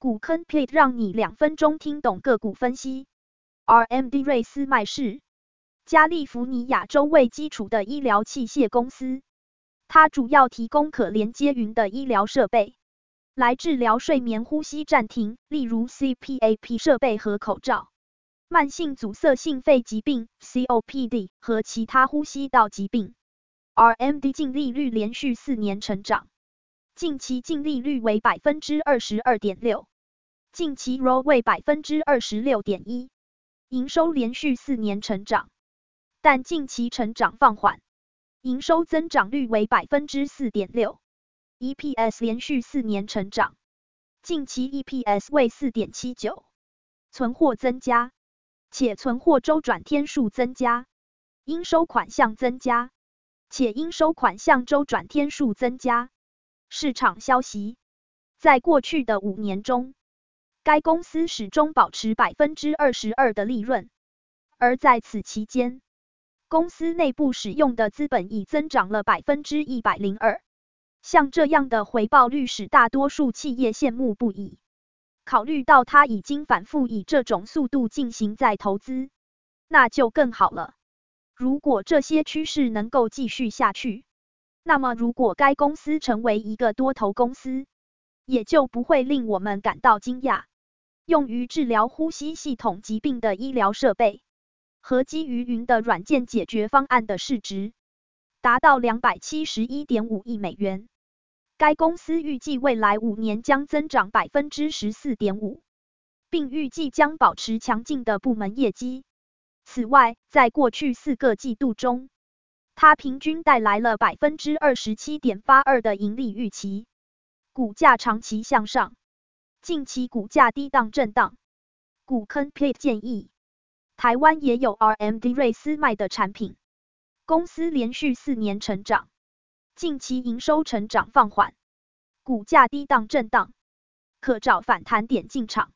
股坑 plate 讓你兩分鐘聽懂個股分析。RMD 瑞思邁是加利福尼亞州為基礎的醫療器械公司，它主要提供可連接雲的醫療設備，來治療睡眠呼吸暫停，例如 CPAP 設備和口罩；慢性阻塞性肺疾病 （COPD） 和其他呼吸道疾病。RMD 淨利率連續四年成長，近期淨利率為百分之二十二點六。近期 ROE 為百分之二十六點一，營收連續四年成長，但近期成長放緩，營收增長率為百分之四點六，EPS 連續四年成長，近期 EPS 為四點七九，存貨增加，且存貨周轉天數增加，應收款項增加，且應收款項周轉天數增加。市場消息，在過去的五年中。該公司始終保持百分之二十二的利潤，而在此期間，公司內部使用的資本已增長了百分之一百零二。像這樣的回報率使大多數企業羨慕不已。考慮到它已經反復以這種速度進行再投資，那就更好了。如果這些趨勢能夠繼續下去，那麼如果該公司成為一個多頭公司，也就不會令我們感到驚訝。用於治療呼吸系統疾病的醫療設備和基於雲的軟件解決方案的市值達到兩百七十一點五億美元。該公司預計未來五年將增長百分之十四點五，並預計將保持強勁的部門業績。此外，在過去四個季度中，它平均帶來了百分之二十七點八二的盈利預期，股價長期向上。近期股價低檔震盪，股坑 p l a 建議，台灣也有 RMD 瑞思邁的產品，公司連續四年成長，近期營收成長放緩，股價低檔震盪，可找反彈點進場。